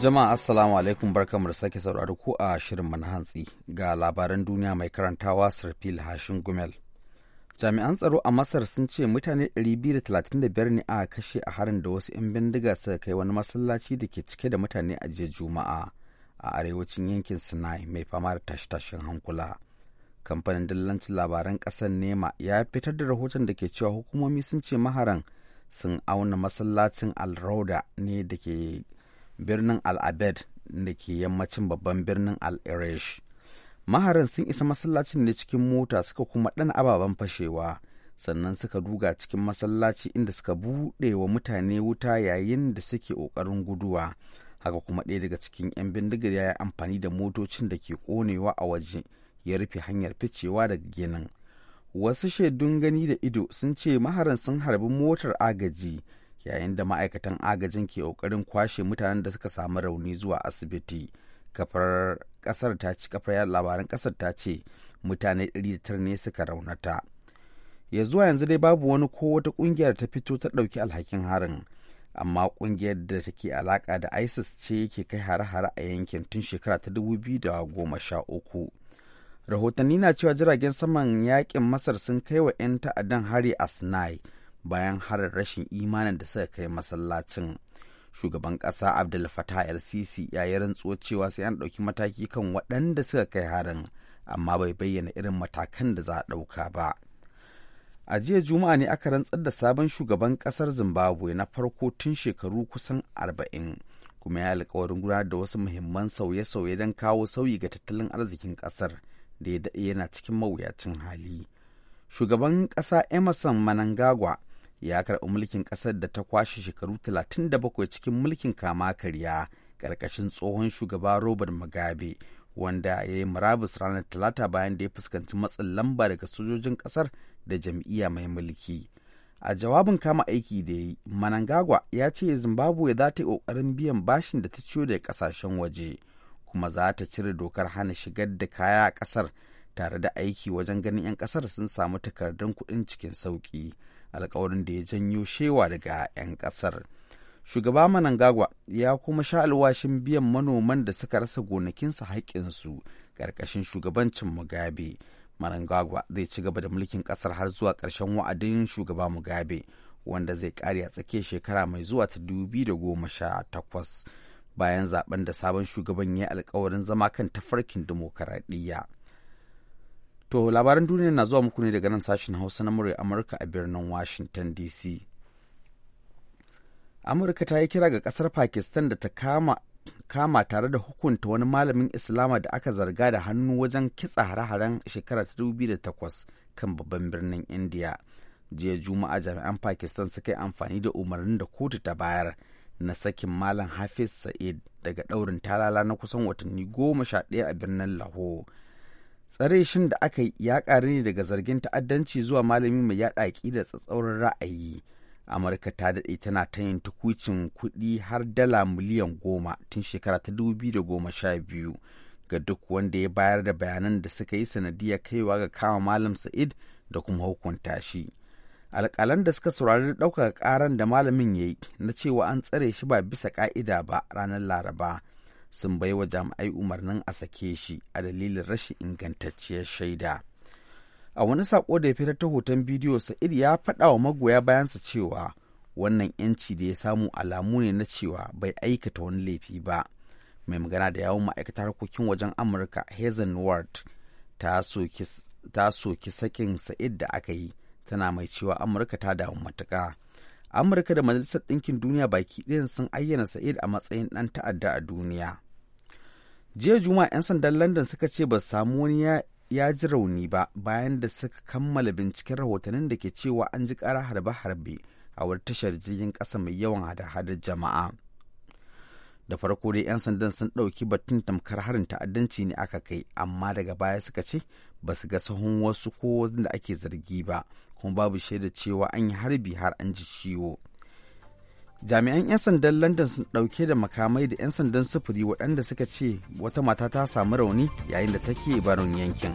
Jama'a Assalamu alaikum barkamu da sake saurari ku a shirin mana hantsi ga labaran duniya mai karantawa Sarfil Hashin Gumel. Jami'an tsaro a Masar sun ce mutane 235 ne a kashe a harin da wasu 'yan bindiga suka kai wani masallaci da ke cike da mutane a jiya Juma'a a arewacin yankin Sinai mai fama da tashe-tashen hankula. Kamfanin dillancin labaran ƙasar Nema ya fitar da rahoton da ke cewa hukumomi sun ce maharan sun auna masallacin Al-Rauda ne da ke birnin al'abed abed da ke yammacin babban birnin al-irish maharan sun isa masallacin ne cikin mota suka kuma ɗan ababen fashewa sannan suka duga cikin masallaci inda suka buɗe wa mutane wuta yayin da suke ƙoƙarin guduwa haka kuma ɗaya daga cikin 'yan bindigar ya yi amfani da motocin da ke ƙonewa a waje ya rufe hanyar ficewa daga ginin wasu shaidun gani da ido sun ce maharan sun harbi motar agaji yayin da ma'aikatan agajin ke ƙoƙarin kwashe mutanen da suka samu rauni zuwa asibiti kafar kasar ta ci kafar labaran kasar ta ce mutane 109 ne suka raunata ya zuwa yanzu dai babu wani ko wata ƙungiyar ta fito ta ɗauki alhakin harin amma ƙungiyar da take alaka da isis ce yake kai hare-hare a yankin tun shekara ta da goma sha uku rahotanni na cewa jiragen saman yaƙin masar sun kai wa 'yan ta'addan hari a sinai bayan harin rashin imanin da suka kai masallacin shugaban ƙasa abdul fatah el sisi ya yi rantsuwa cewa sai an ɗauki mataki kan waɗanda suka kai harin amma bai bayyana irin matakan da za a ɗauka ba a jiya juma'a ne aka rantsar da sabon shugaban ƙasar zimbabwe na farko tun shekaru kusan arba'in kuma ya alkawarin gudanar da wasu muhimman sauye-sauye don kawo sauyi ga tattalin arzikin ƙasar da ya daɗe yana cikin mawuyacin hali shugaban ƙasa emerson manangagwa ya karɓi mulkin ƙasar da ta kwashe shekaru 37 cikin mulkin kama karya ƙarƙashin tsohon shugaba Robert Mugabe wanda ya yi murabus ranar Talata bayan da ya fuskanci matsin lamba daga sojojin ƙasar da jam'iyya mai mulki. A jawabin kama aiki da ya yi, Manangagwa ya ce Zimbabwe za ta yi ƙoƙarin biyan bashin da ta ciyo daga ƙasashen waje, kuma za ta cire dokar hana shigar da kaya a ƙasar tare da aiki wajen ganin 'yan ƙasar sun samu takardun kuɗin cikin sauƙi. alkawarin da ya janyo shewa daga 'yan kasar Shugaba Manangagwa ya kuma sha alwashin biyan manoman da suka rasa gonakinsu haƙƙinsu ƙarƙashin shugabancin Mugabe. Manangagwa zai ci gaba da mulkin ƙasar har zuwa ƙarshen wa'adin shugaba Mugabe, wanda zai ƙare a tsakiya shekara mai zuwa ta takwas bayan zaben da sabon shugaban ya alkawarin zama kan tafarkin dimokuraɗiyya. To labaran duniya na zuwa muku ne daga nan sashen Hausa na murya Amurka a birnin Washington DC. Amurka ta yi kira ga kasar Pakistan da ta kama kama tare da hukunta wani malamin Islama da aka zarga da hannu wajen kitsa hare-haren shekara ta 2008 kan babban birnin India. Jiya Juma'a jami'an Pakistan suka yi amfani da umarnin da kotu ta bayar na sakin Malam Hafiz Sa'id daga daurin talala na kusan watanni goma sha ɗaya a birnin Lahore. tsare shin da aka yi ya ƙari ne daga zargin ta'addanci zuwa malami mai yaɗa aƙidar tsatsauran ra'ayi amurka ta daɗe tana ta yin tukucin kuɗi har dala miliyan goma tun shekara ta dubu da goma sha biyu ga duk wanda ya bayar da bayanan da suka yi sanadiyar kaiwa ga kama malam sa'id da kuma hukunta shi alƙalan da suka saurari ɗaukaka ƙaran da malamin ya yi na cewa an tsare shi ba bisa ƙa'ida ba ranar laraba sun bai wa jami'ai umarnin a sake shi a dalilin rashin ingantacciyar shaida a wani sako da ya fitar ta hoton bidiyo sa'id ya faɗa wa magoya bayansa cewa wannan yanci da ya samu alamu ne na cewa bai aikata wani laifi ba mai magana da yawon ma'aikatar harkokin wajen amurka hazen ward ta soki sakin sa'id da aka yi tana mai cewa amurka ta damu matuƙa amurka da majalisar ɗinkin duniya baki ɗayan sun ayyana sa'id a matsayin ɗan ta'adda a duniya jiya juma'a 'yan sandan london suka ce ba samu wani ya ji rauni ba bayan da suka kammala binciken rahotannin da ke cewa an ji ƙara harbe-harbe a wata tashar jirgin ƙasa mai yawan hada-hadar jama'a da farko dai 'yan sandan sun ɗauki batun tamkar harin ta'addanci ne aka kai amma daga baya suka ce ba su ga sahun wasu ko da ake zargi ba kuma babu shaida cewa an yi harbi har an ji ciwo jami'an 'yan sandan london sun dauke da makamai da 'yan sandan sufuri waɗanda suka ce wata mata ta samu rauni yayin da take barin yankin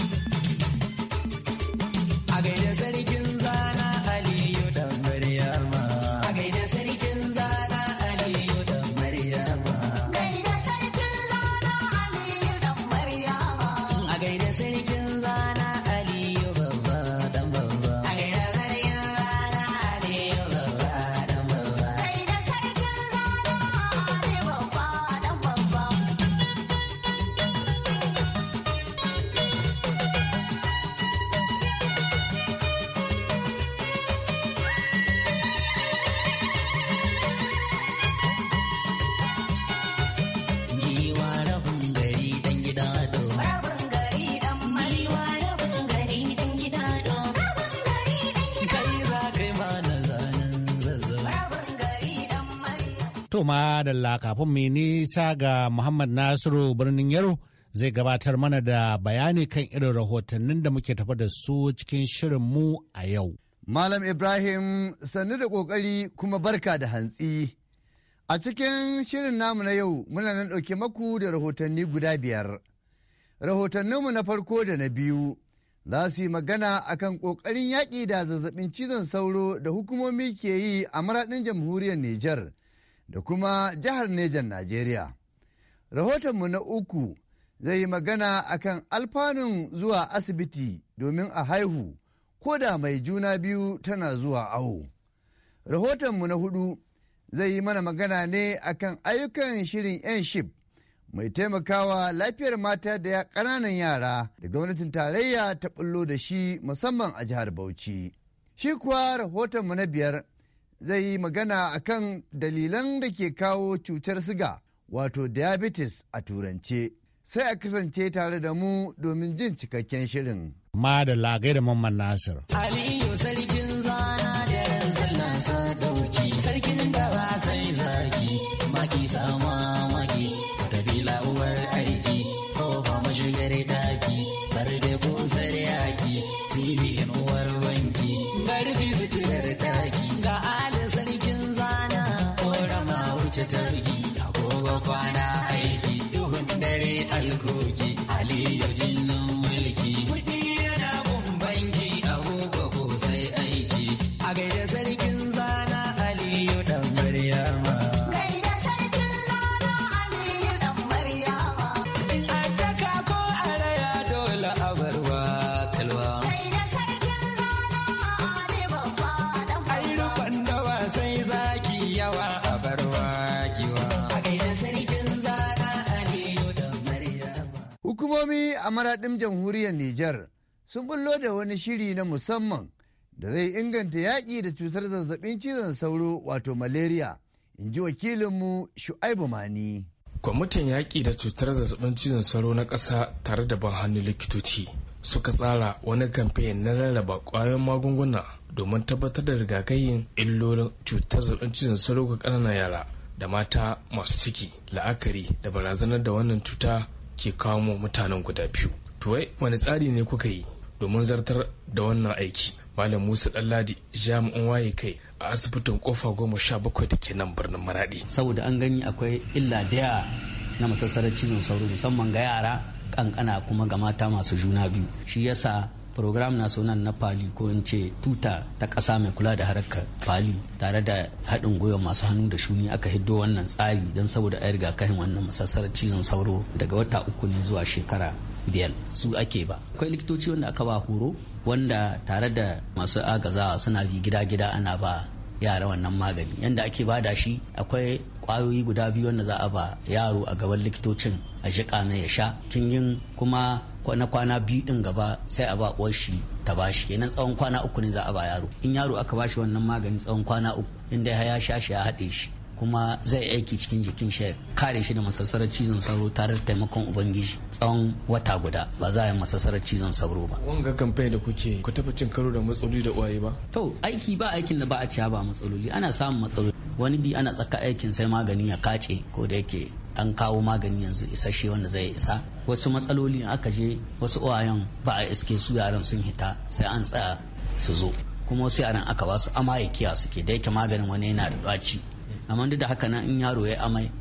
To ma da kafin mai nisa ga Muhammad Nasiru birnin Yaro zai gabatar mana da bayani kan irin rahotannin da muke tafa da su cikin shirin mu a yau. Malam Ibrahim sannu da ƙoƙari kuma barka da hantsi. A cikin shirin namu na yau muna nan ɗauke maku da rahotanni guda biyar. Rahotanninmu na farko da na biyu za su yi magana akan ƙoƙarin yaƙi da zazzabin cizon sauro da hukumomi ke yi a maraɗin jamhuriyar Nijar. da kuma jihar Nejan Najeriya. Rahotonmu na uku zai yi magana akan alfanun zuwa asibiti domin a haihu ko da mai juna biyu tana zuwa awo. Rahotonmu na hudu zai yi mana magana ne akan ayyukan shirin 'yan ship mai taimakawa lafiyar mata da ƙananan yara da gwamnatin tarayya ta bullo da shi musamman a jihar Bauchi. Shi kuwa rahotonmu na biyar zai yi magana a kan dalilan da ke kawo cutar siga wato diabetes a turance sai a kasance tare da mu domin jin cikakken shirin. Ma da lagai da Mamman Nasir. Aliyu a jamhuriyar Nijar sun bullo da wani shiri na musamman da zai inganta yaƙi da cutar zazzabin cizon sauro wato malaria in ji wakilinmu shu'aibu mani. kwamitin yaƙi da cutar zazzabin cizon sauro na ƙasa tare da ban hannu likitoci suka tsara wani kamfen na rarraba ƙwayoyin magunguna domin tabbatar da rigakafin illolin cutar zazzabin cizon sauro ga ƙananan yara da mata masu ciki la'akari da barazanar da wannan cuta ke kawo mutanen guda biyu to wani tsari ne kuka yi domin zartar da wannan aiki malam musa ɗanladi jami'in waye kai a asibitin kofa goma sha bakwai da ke nan birnin maradi saboda an gani akwai illa daya na masassarar cizon sauro musamman ga yara kankana kuma ga mata masu juna biyu shi yasa program national na pali ko in ce tuta ta kasa mai kula da harkar pali tare da haɗin gwiwa masu hannu da shuni aka hiddo wannan tsari don saboda a riga kahin wannan masassarar cizon sauro daga wata uku ne zuwa shekara biyar su ake ba akwai likitoci wanda aka ba horo wanda tare da masu agazawa suna bi gida-gida ana ba yara wannan magani yanda ake ba da shi akwai kwayoyi guda biyu wanda za a ba yaro a gaban likitocin a jiƙa na ya sha kin yin kuma na kwana biyu din gaba sai a ba uwar shi ta bashi kenan tsawon kwana uku ne za a ba yaro in yaro aka bashi wannan magani tsawon kwana uku in inda ya sha shi ya haɗe shi kuma zai aiki cikin jikin shi kare shi da masassarar cizon sauro tare da taimakon ubangiji tsawon wata guda ba za a yi masassarar cizon sauro ba wanga kamfani da kuke ku tafi cin karo da matsaloli da uwaye ba to aiki ba aikin da ba a ciya ba matsaloli ana samun matsaloli wani bi ana tsaka aikin sai magani ya kace ko da yake an kawo magani yanzu isashe wanda zai isa wasu matsaloli aka je wasu uwayen ba a iske su yaran sun hita sai an tsaya su zo kuma wasu yaran aka ba su amaye kiya suke da yake maganin wani yana da ɗaci amma duk da haka na in yaro ya amai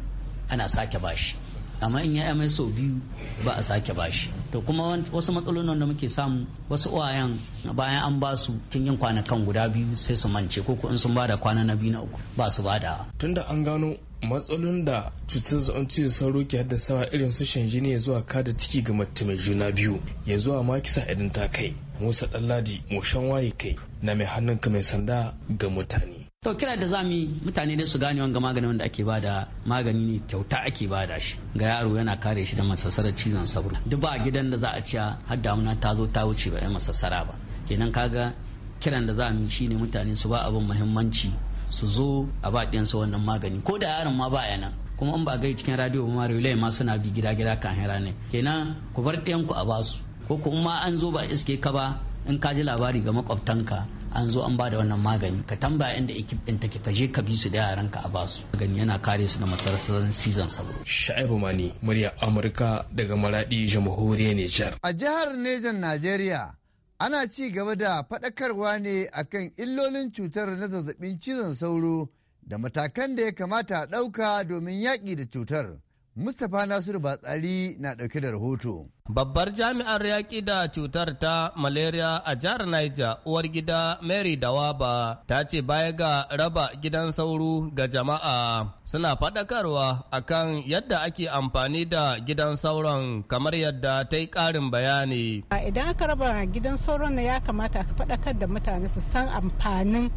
ana sake bashi amma in ya amai sau biyu ba a sake bashi to kuma wasu matsalolin da muke samu wasu uwayen bayan an ba su kin yin kwanakan guda biyu sai su mance ko in sun ba da kwana na biyu na uku ba su ba da tunda an gano matsalolin da cutar zaun cizon sauro ke haddasawa irin su shan jini ya zuwa kada ciki ga mace mai juna biyu ya zuwa ma kisa idan ta kai musa ɗanladi moshan waye kai na mai hannunka mai sanda ga mutane to kira da zamu mutane da su gane wanga magani wanda ake bada magani ne kyauta ake bada shi ga yaro yana kare shi da masassarar cizon sauro duk ba gidan da za a ciya har damuna ta zo ta wuce ba masassara ba kenan kaga kiran da za mu shine mutane su ba abin muhimmanci su zo a ba ɗiyansu wannan magani ko da yaron ma ba nan kuma in ba gai cikin radio ma relay ma suna bi gida gida kan hira ne kenan ku bar ku a basu ko kuma an zo ba iske ka ba in ka ji labari ga makwabtanka an zo an ba da wannan magani ka tambaya inda ekip ɗin take ka je ka bi su da yaranka a basu. su yana kare su da masarasan season sabo sha'ibu mani murya amurka daga maradi jamhuriyar Niger. a jihar nejan najeriya ana ci gaba da faɗakarwa ne akan illolin cutar na zazzabin cizon sauro da matakan da ya kamata a ɗauka domin yaƙi da cutar. Mustapha Nasiru Batsari na ɗauke da rahoto. Babbar jami'ar yaƙi da cutar ta malaria a jihar Niger, uwar gida Mary Dawaba, ta ce baya ga raba gidan sauro ga jama'a suna faɗakarwa akan yadda ake amfani da gidan sauron kamar yadda ta yi ƙarin bayani. Idan aka raba gidan sauron ya kamata a faɗakar da mutane su san amfanin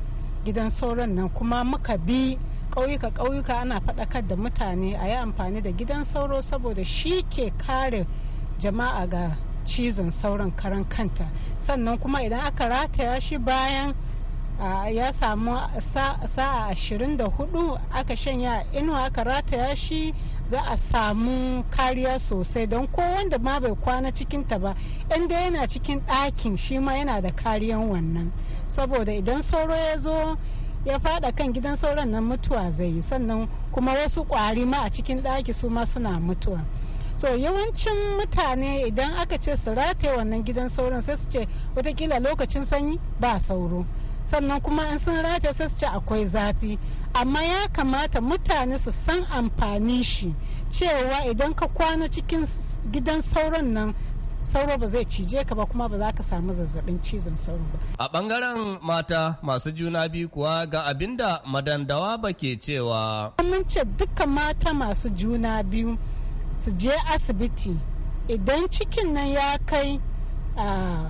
gidan sauron nan kuma muka bi. ƙauyuka ƙauyuka ana faɗakar da mutane a yi amfani da gidan sauro saboda shi ke kare jama'a ga cizon sauran karan kanta sannan kuma idan aka rataya shi bayan ya samu sa'a ashirin da hudu aka shanya inuwa aka rataya shi za a samu kariya sosai don ko wanda ma bai kwana cikinta ba inda yana cikin ɗakin shi ma yana da kariyan wannan saboda idan sauro ya zo ya fada kan gidan sauran nan mutuwa zai yi sannan kuma wasu kwari ma a cikin ɗaki su ma suna mutuwa so yawancin mutane idan aka ce su rataye wannan gidan sauran sai su ce watakila lokacin sanyi ba sauro sannan kuma in sun rataye sai su ce akwai zafi amma ya kamata mutane su san amfani shi cewa idan ka kwana cikin gidan sauran nan sauro ba zai cije ka ba kuma ba za ka samu zazzabin cizon sauro ba. A bangaren mata masu juna biyu kuwa ga abinda madandawa ba ke cewa. Mun ce dukkan mata masu juna biyu su je asibiti idan cikin nan ya kai ah,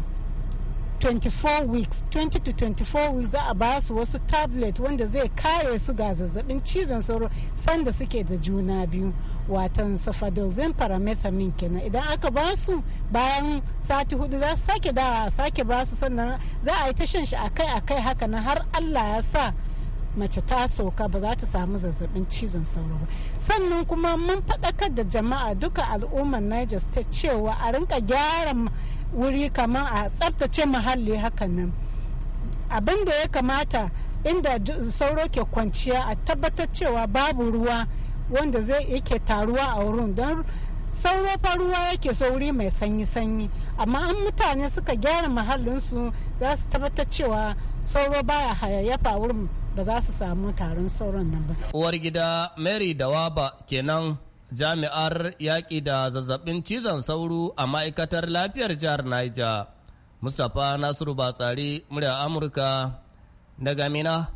24 weeks 20 to 24 weeks za a ba su wasu tablet wanda zai kare su ga zazzabin cizon sauro sanda suke da juna biyu watan safadozin parametamin kenan idan aka ba su bayan sati hudu za su sake dawa sake ba su sannan za a yi ta shan shi akai akai haka na har allah ya sa mace ta sauka ba za ta samu zazzabin cizon sauro ba sannan kuma mun faɗakar da jama'a duka al'ummar niger state cewa a rinka gyara wuri kamar a tsabtace muhalli hakan nan abin da ya kamata inda sauro ke kwanciya a tabbatar cewa babu ruwa wanda zai yake taruwa a wurin don sauro fa ruwa yake sauri mai sanyi-sanyi amma an mutane suka gyara muhallinsu za su tabbatar cewa sauro baya hayayyafa wurin ba za su samu taron sauron nan ba. Uwar gida Mary Dawaba kenan jami'ar yaƙi da zazzabin cizon sauro a ma'aikatar lafiyar jihar Niger. Mustapha Nasiru Batsari, murya Amurka, na Gamina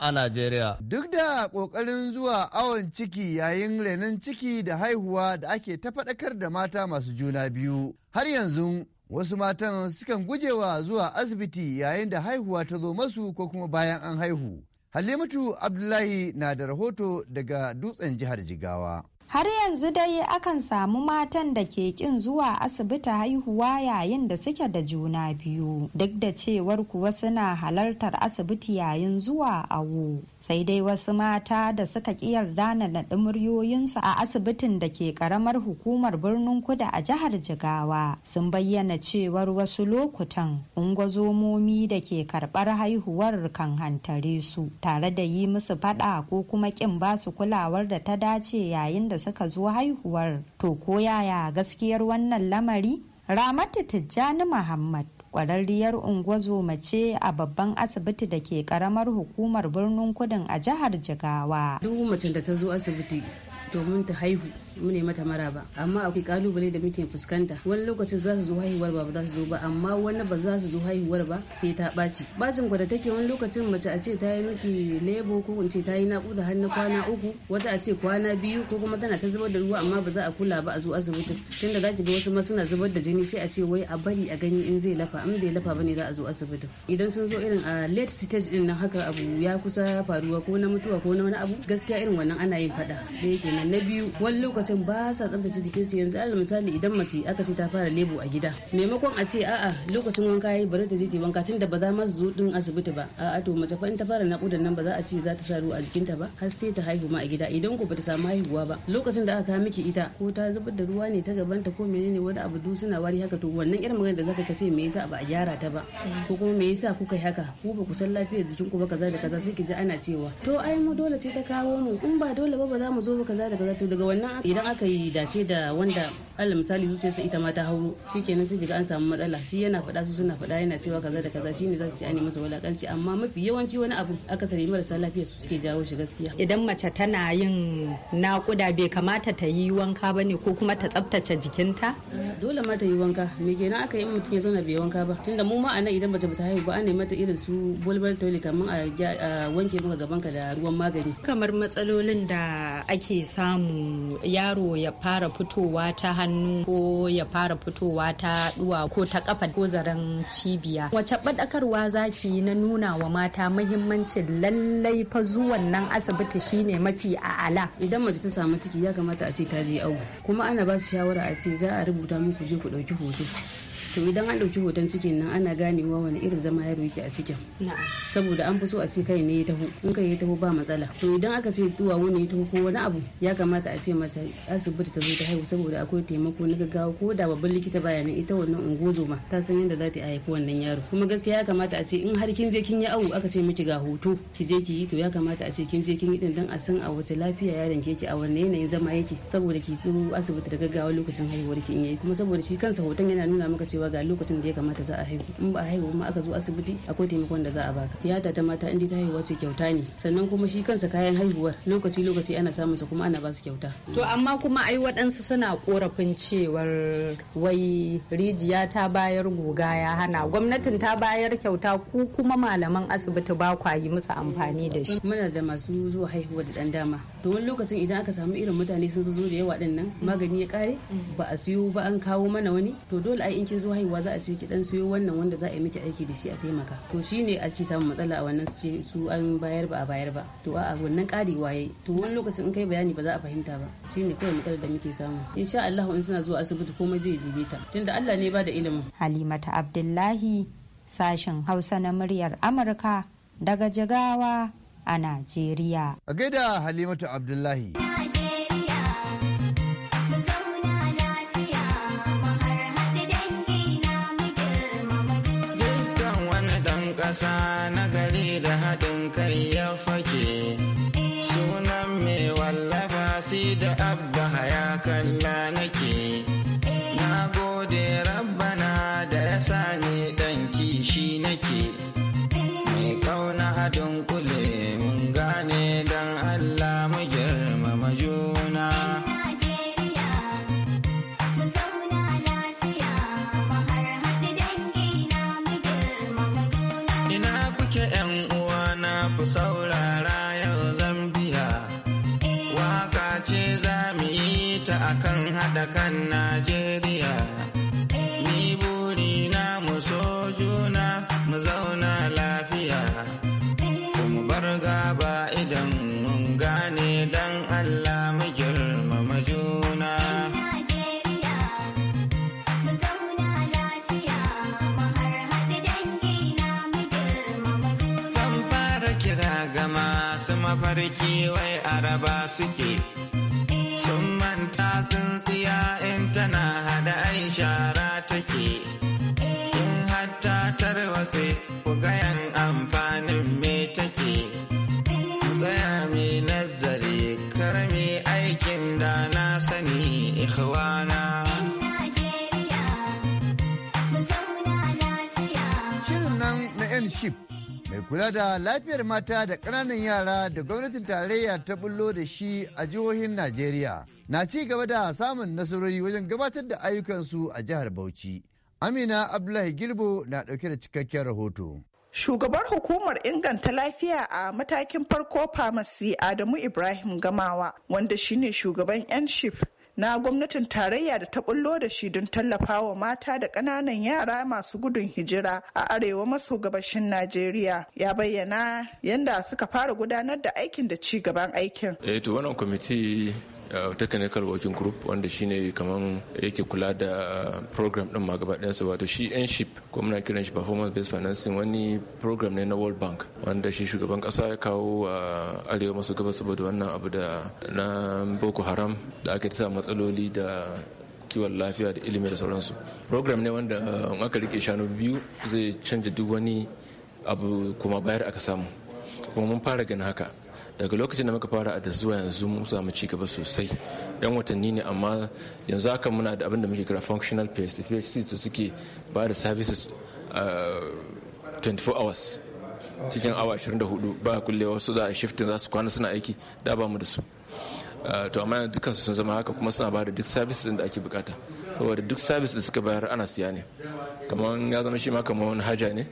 a Najeriya. Duk da ƙoƙarin zuwa awon ciki yayin renon ciki da haihuwa da ake ta faɗakar da mata masu juna biyu, har yanzu wasu matan sukan gujewa zuwa asibiti yayin da haihuwa ta zo masu ko kuma bayan an haihu. Halimatu Abdullahi na da rahoto daga dutsen jihar Jigawa. har yanzu dai akan samu matan da ke kin zuwa asibiti haihuwa yayin da suke da juna biyu duk da cewar kuwa suna halartar asibiti yayin zuwa awo sai dai wasu mata da suka ki yarda na naɗi muryoyinsu a asibitin da ke karamar hukumar birnin kudu a jihar jigawa sun bayyana cewar wasu lokutan ungozomomi da ke karɓar haihuwar kan hantare su tare da yi musu faɗa ko kuma ƙin su kulawar da ta dace yayin da suka zo haihuwar to ko yaya gaskiyar wannan lamari ramatu tijjani muhammad kwararriyar unguwazo ce a babban asibiti da ke karamar hukumar birnin kudin a jihar jigawa duk mace da ta zo asibiti domin ta haihu mu ne mata maraba amma akwai kalubale da muke fuskanta wani lokacin za su zo haihuwar ba za su zo ba amma wani ba za su zo haihuwar ba sai ta ɓaci bacin gwada take wani lokacin mace a ce ta yi miki lebo ko in ce ta yi naƙuda har na kwana uku wata a ce kwana biyu ko kuma tana ta zubar da ruwa amma ba za a kula ba a zo asibitin tunda za ki ga wasu ma suna zubar da jini sai a ce wai a bari a gani in zai lafa in bai lafa ba ne za a zo asibitin idan sun zo irin a late stage din nan haka abu ya kusa faruwa ko na mutuwa ko na wani abu gaskiya irin wannan ana yin faɗa da yake nan na biyu wani lokacin lokacin ba sa tsabtace su yanzu alal misali idan mace aka ce ta fara lebo a gida maimakon a ce a'a lokacin wanka yayi bari ta je ta wanka tun da ba za ma zo din asibiti ba a'a to mace fa in ta fara nakudan nan ba za a ce za ta sa a jikin jikinta ba har sai ta haihu ma a gida idan ko bata samu haihuwa ba lokacin da aka miki ita ko ta zubar da ruwa ne ta gabanta ko menene wani abu duk suna wari haka to wannan irin magana da zaka kace me yasa ba a gyara ta ba ko kuma me yasa kuka yi haka ko ba ku san lafiyar jikin ku ba kaza da kaza sai ki ji ana cewa to ai mu dole ce ta kawo mu in ba dole ba ba za mu zo ba kaza da kaza to daga wannan idan aka yi dace da wanda alal misali zuciyarsa ita ma ta hauro shikenan sai jika an samu matsala shi yana faɗa su suna faɗa yana cewa kaza da kaza shine za su ci an masa walaƙanci amma mafi yawanci wani abu akasari marasa lafiya su suke jawo shi gaskiya idan mace tana yin nakuda bai kamata ta yi wanka bane ko kuma ta tsaftace jikinta dole ma ta yi wanka me kenan aka yi mutum ya zauna bai wanka ba tunda mu ma a nan idan mace bata haihu ba ana mata irin su bulbul toilet kamar a wanke maka gabanka da ruwan magani kamar matsalolin da ake samu ya yaro ya fara fitowa ta hannu ko ya fara fitowa ta duwa ko ta kafa ko zaren cibiya wace badakarwa zaki yi na nuna wa mata mahimmancin lallai fa zuwan nan asibiti shine mafi a'ala idan mace ta samu ciki ya kamata a ce ta je awo kuma ana ba su shawara a ce za a rubuta muku je ku ɗauki hoto to idan an ɗauki hoton cikin nan ana gane wa wani irin zama yaro yake a cikin saboda an fi so a ce kai ne ya taho in kai ya taho ba matsala to idan aka ce duwawu ne ya taho ko wani abu ya kamata a ce mace asibiti ta zo ta haihu saboda akwai taimako na gaggawa ko da babban likita baya ne ita wannan ungozoma ta san yadda za ta haifi wannan yaro kuma gaskiya ya kamata a ce in har kin je kin yi awo aka ce miki ga hoto ki je ki yi to ya kamata a ce kin je kin yi din dan a san a wace lafiya yaron ke ki a wanne yanayin zama yake saboda ki zo asibiti da gaggawa lokacin haihuwar ki in yayi kuma saboda shi kansa hoton yana nuna maka cewa cewa ga lokacin da ya kamata za a haihu in ba a haihu ma aka zo asibiti akwai taimakon da za a baka tiyata ta mata inda ta haihuwa ce kyauta ne sannan kuma shi kansa kayan haihuwar lokaci lokaci ana samun sa kuma ana ba kyauta to amma kuma ai waɗansu suna korafin cewar wai rijiya ta bayar goga ya hana gwamnatin ta bayar kyauta ku kuma malaman asibiti ba kwa yi musu amfani da shi muna da masu zuwa haihuwa da dan dama to wani lokacin idan aka samu irin mutane sun zo da yawa dinnan magani ya kare ba a siyo ba an kawo mana wani to dole ai in kin zo haihuwa za a ce ki dan siyo wannan wanda za a yi miki aiki da shi a taimaka to shine ke samun matsala a wannan ce su an bayar ba a bayar ba to a'a wannan karewa waye to wani lokacin in kai bayani ba za a fahimta ba shine kawai matsalar da muke samu insha Allah in suna zuwa asibiti komai zai daidaita tunda Allah ne ba da ilimin Halimata Abdullahi sashen Hausa na muryar Amurka daga Jigawa a Najeriya a gaida Halimatu Abdullahi ƙasa na gari da haɗin kai ya fake sunan mai wallafa si da abba ya kalla baki wai araba suke sun manta sun siya in tana hada ai shara take kula da lafiyar mata da ƙananan yara da gwamnatin tarayya ta bullo da shi a jihohin Najeriya na ci gaba da samun nasarori wajen gabatar da ayyukansu a jihar Bauchi. Amina Abdullahi Gilbo na ɗauke da cikakken rahoto. Shugabar hukumar inganta lafiya a matakin farko famasi Adamu Ibrahim Gamawa wanda shine shugaban 'yan shif na gwamnatin tarayya da ta bullo da shi don tallafawa mata da ƙananan yara masu gudun hijira a arewa maso gabashin Najeriya ya bayyana yadda suka fara gudanar da aikin da ci gaban aikin. Eh to wannan kwamiti technical working group wanda ne kamar yake kula da uh, program din ma gaba ɗansa wato shi ship ko muna kiran shi performance based financing wani program ne na world bank wanda shi shugaban kasa ya kawo a uh, arewa maso gaba saboda wannan abu da na boko haram da aka sa matsaloli da kiwon lafiya da ilimi da sauransu program ne wanda uh, in aka rike shanu biyu zai canja duk wani abu kuma bayar aka samu kuma mun fara ganin haka daga lokacin da muka fara da zuwa yanzu mun samu ci gaba sosai yan watanni ne amma yanzu haka muna da abin da muke kira functional phd phd to suke ba da services 24 ah, hours cikin awa 24 ba kulle wasu za a shiftin za su kwana suna aiki da ba mu da su ah, to amma yanzu su sun zama haka kuma suna ba da duk services da ake bukata saboda duk services da suka bayar ana siya ne kamar ya zama shi ma kamar wani haja ne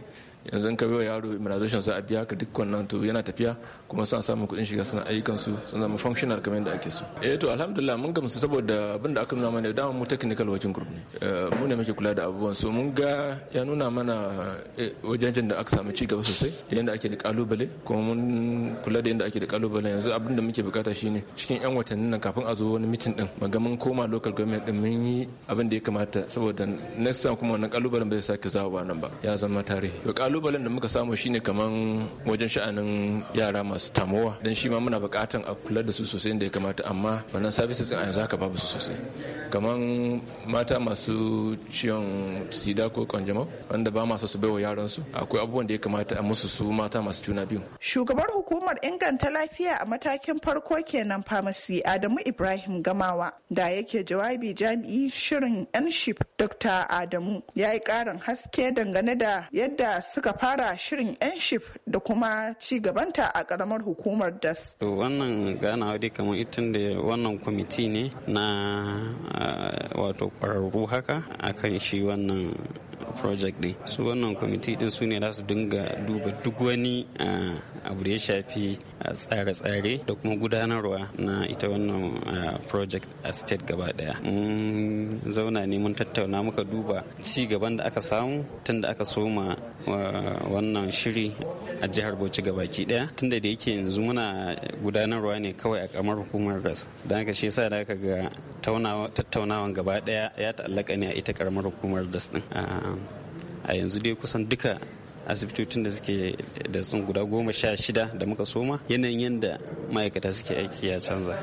yanzu in ka bai yaro immunization sai a biya ka duk wannan to yana tafiya kuma sun samun kuɗin shiga suna ayyukan su sun zama functional kamar yadda ake so eh to alhamdulillah mun gamsu saboda abin da aka nuna mana da mu technical working group ne eh mu ne muke kula da abubuwan so mun ga ya nuna mana eh, wajajen da aka samu cigaba sosai da yadda ake da kalubale kuma mun kula da yadda ake da kalubale yanzu abin da muke bukata shine cikin yan watannin nan kafin a zo wani mitin din mu ga mun koma local government din mun yi abin da ya kamata saboda next time kuma wannan kalubalen bai sake zawo ba nan ba ya zama tarihi kalubalen da muka samu shine kaman wajen sha'anin yara masu tamowa don shi ma muna bukatan a kula da su sosai da ya kamata amma wannan services a yanzu haka babu su sosai kaman mata masu ciwon sida ko kanjamau wanda ba masu su baiwa yaran su akwai abubuwan da ya kamata a musu su mata masu juna biyu shugabar hukumar inganta lafiya a matakin farko kenan famasi adamu ibrahim gamawa da yake jawabi jami'i shirin nship dr adamu ya yi karin haske dangane da yadda suka fara shirin 'yan shif da kuma ci gabanta a karamar hukumar das. To wannan gana dai kamar itin da wannan kwamiti ne na eh, wato kwararru haka akan shi wannan project din su wannan kwamiti din su ne za su dinga duba duk wani eh, abu da ya shafi tsare-tsare da kuma gudanarwa na ita wannan project a state gaba daya mun zauna ne mun tattauna muka duba ci gaban da aka samu tun da aka soma wannan shiri a jihar bauchi ki daya tunda da yake yanzu muna gudanarwa ne kawai a kamar hukumar ras don haka shi yasa da aka ga tattaunawan gaba daya ya ta'allaka ne a ita karamar hukumar das din a yanzu dai kusan duka asibitocin da suke da sun guda goma sha shida da muka soma yanayin yadda ma'aikata suke aiki ya canza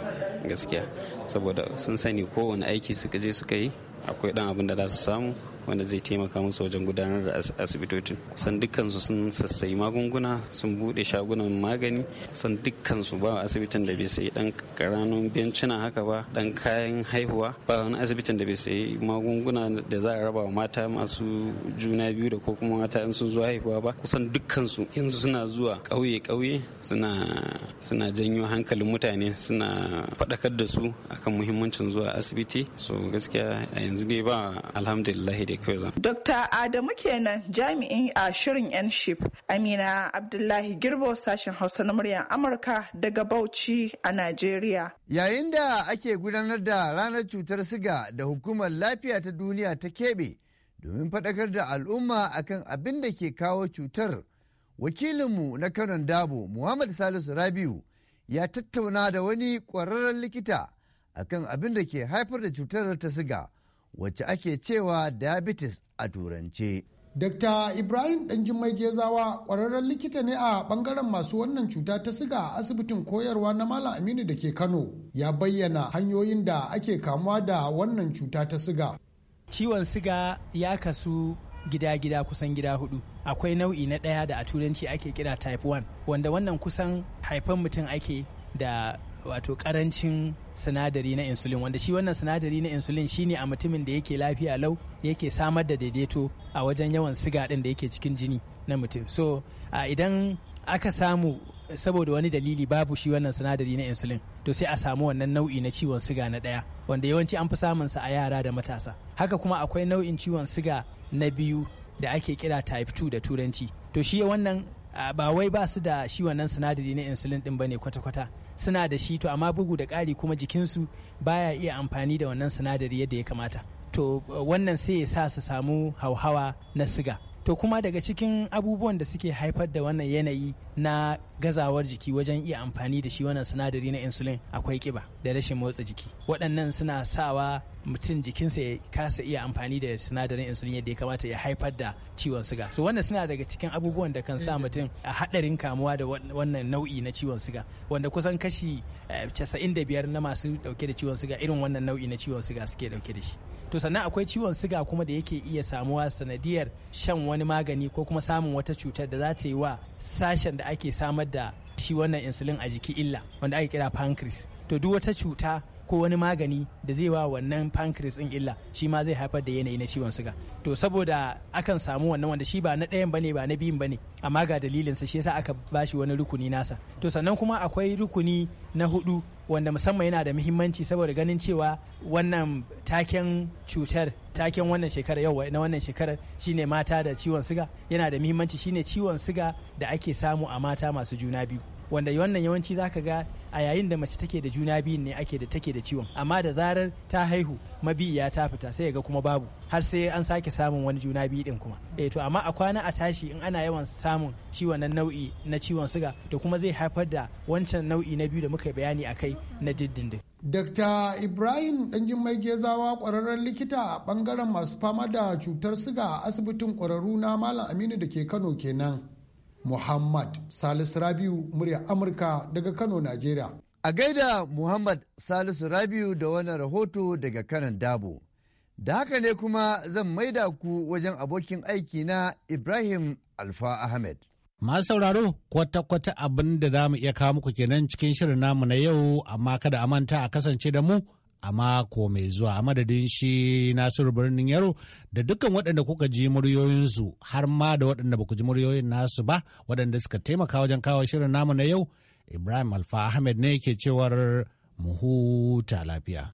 gaskiya saboda sun sani kowane aiki suka je suka yi akwai dan abin da za su samu wanda zai taimaka musu wajen gudanar da asibitocin kusan dukkansu sun sassai magunguna sun bude shagunan magani kusan dukkansu ba asibitin da bai sayi dan karanun bencina haka ba dan kayan haihuwa ba wani asibitin da bai sayi magunguna da za a raba wa mata masu juna biyu da ko kuma mata in sun zo haihuwa ba kusan dukkansu yanzu suna zuwa kauye kauye suna janyo hankalin mutane suna faɗakar da su akan muhimmancin zuwa asibiti so gaskiya a yanzu dai ba alhamdulillah da ne Dr. Adamu kenan jami'in a shirin Nship Amina Abdullahi Girbo sashen Hausa na muryar Amurka daga Bauchi a Najeriya. Yayin da ake gudanar da ranar cutar siga da hukumar lafiya ta duniya ta keɓe domin faɗakar da al'umma akan abin da ke kawo cutar. Wakilinmu na kanon Dabo Muhammad Salisu Rabiu ya tattauna da wani ƙwararren likita akan abin da ke haifar da cutar ta siga. wacce ake cewa diabetes a turance. Dr. Ibrahim Mai Gezawa ƙwararren likita ne a ɓangaren masu wannan cuta ta siga a asibitin koyarwa na Malam Aminu da ke Kano ya bayyana hanyoyin da ake kamuwa da wannan cuta ta siga. Ciwon siga ya kasu gida-gida kusan gida hudu akwai nau'i na ɗaya da a turanci ake kira type 1 wanda wannan kusan haifan mutum ake da wato karancin sinadari na insulin wanda shi wannan sinadari na insulin shine a mutumin da yake lafiya lau yake samar da daidaito a wajen yawan siga din da yake cikin jini na mutum so idan aka samu saboda wani dalili babu shi wannan sinadari na insulin to sai a samu wannan nau'i na ciwon siga na daya wanda yawanci an fi samun sa a yara da matasa haka kuma akwai nau'in ciwon siga na biyu da ake kira type 2 da turanci to shi wannan ba wai ba su da shi wannan sinadari na insulin din bane kwata-kwata suna da shi to amma bugu da ƙari kuma jikinsu baya iya amfani da wannan sinadari yadda ya kamata to wannan sai ya sa su samu hauhawa na siga to kuma daga cikin abubuwan da suke haifar da wannan yanayi na gazawar jiki wajen iya amfani da shi wannan sinadari na insulin akwai kiba da rashin motsa jiki waɗannan suna sawa mutum jikinsa ya kasa iya amfani da sinadarin insulin yadda ya kamata ya haifar da ciwon siga so wannan suna daga cikin abubuwan da kan sa mm. mutum a haɗarin kamuwa da wannan nau'i na ciwon siga wanda kusan kashi eh, biyar na masu ɗauke da ciwon siga irin wannan nau'i na ciwon siga suke ɗauke da shi to sannan akwai ciwon siga kuma da yake iya samuwa sanadiyar shan wani wani magani ko kuma samun wata cutar da za ta yi wa sashen da ake samar da shi wannan insulin a jiki illa wanda ake kira pancreas to duk wata cuta ko wani magani da zai wa wannan pancreas din illa shi ma zai haifar da yanayi na ciwon suga to saboda akan samu wannan wanda shi ba na ɗayan bane ba na biyun bane amma ga dalilin sa shi yasa aka bashi wani rukuni nasa to sannan kuma akwai rukuni na hudu wanda musamman yana da muhimmanci saboda ganin cewa wannan taken cutar taken wannan shekarar yau na wannan shekarar shine mata da ciwon suga yana da muhimmanci shine ciwon suga da ake samu a mata masu juna biyu wanda wannan yawanci zaka ga a yayin da mace take da juna biyun ne ake da take da ciwon amma da zarar ta haihu mabiya ta fita sai ga kuma babu har sai an sake samun wani juna biyu din kuma eh to amma a kwana a tashi in ana yawan samun ciwon nan nau'i na ciwon suga to kuma zai haifar da wancan nau'i na biyu da muka bayani a kai na diddindin Dr. Ibrahim Danjin Gezawa kwararren likita a bangaren masu fama da cutar siga a asibitin kwararru na Malam Aminu da ke Kano kenan. Muhammad Salisu Rabiu murya Amurka daga Kano, Najeriya. A gaida Muhammad Salisu Rabiu da wani rahoto daga kanan Dabo. Da haka ne kuma zan maida ku wajen abokin aiki na Ibrahim Alfa Ahmed. Masu sauraro kwata-kwata abin da za mu iya kawo muku kenan cikin shirin namu na yau amma kada a manta a kasance da mu a mako mai zuwa a madadin shi nasiru birnin yaro da dukkan waɗanda kuka ji muryoyinsu har ma da waɗanda baku ji muryoyin nasu ba waɗanda suka taimaka wajen kawo shirin namu na yau ibrahim alfa ahmed ne ke cewar mu huta lafiya.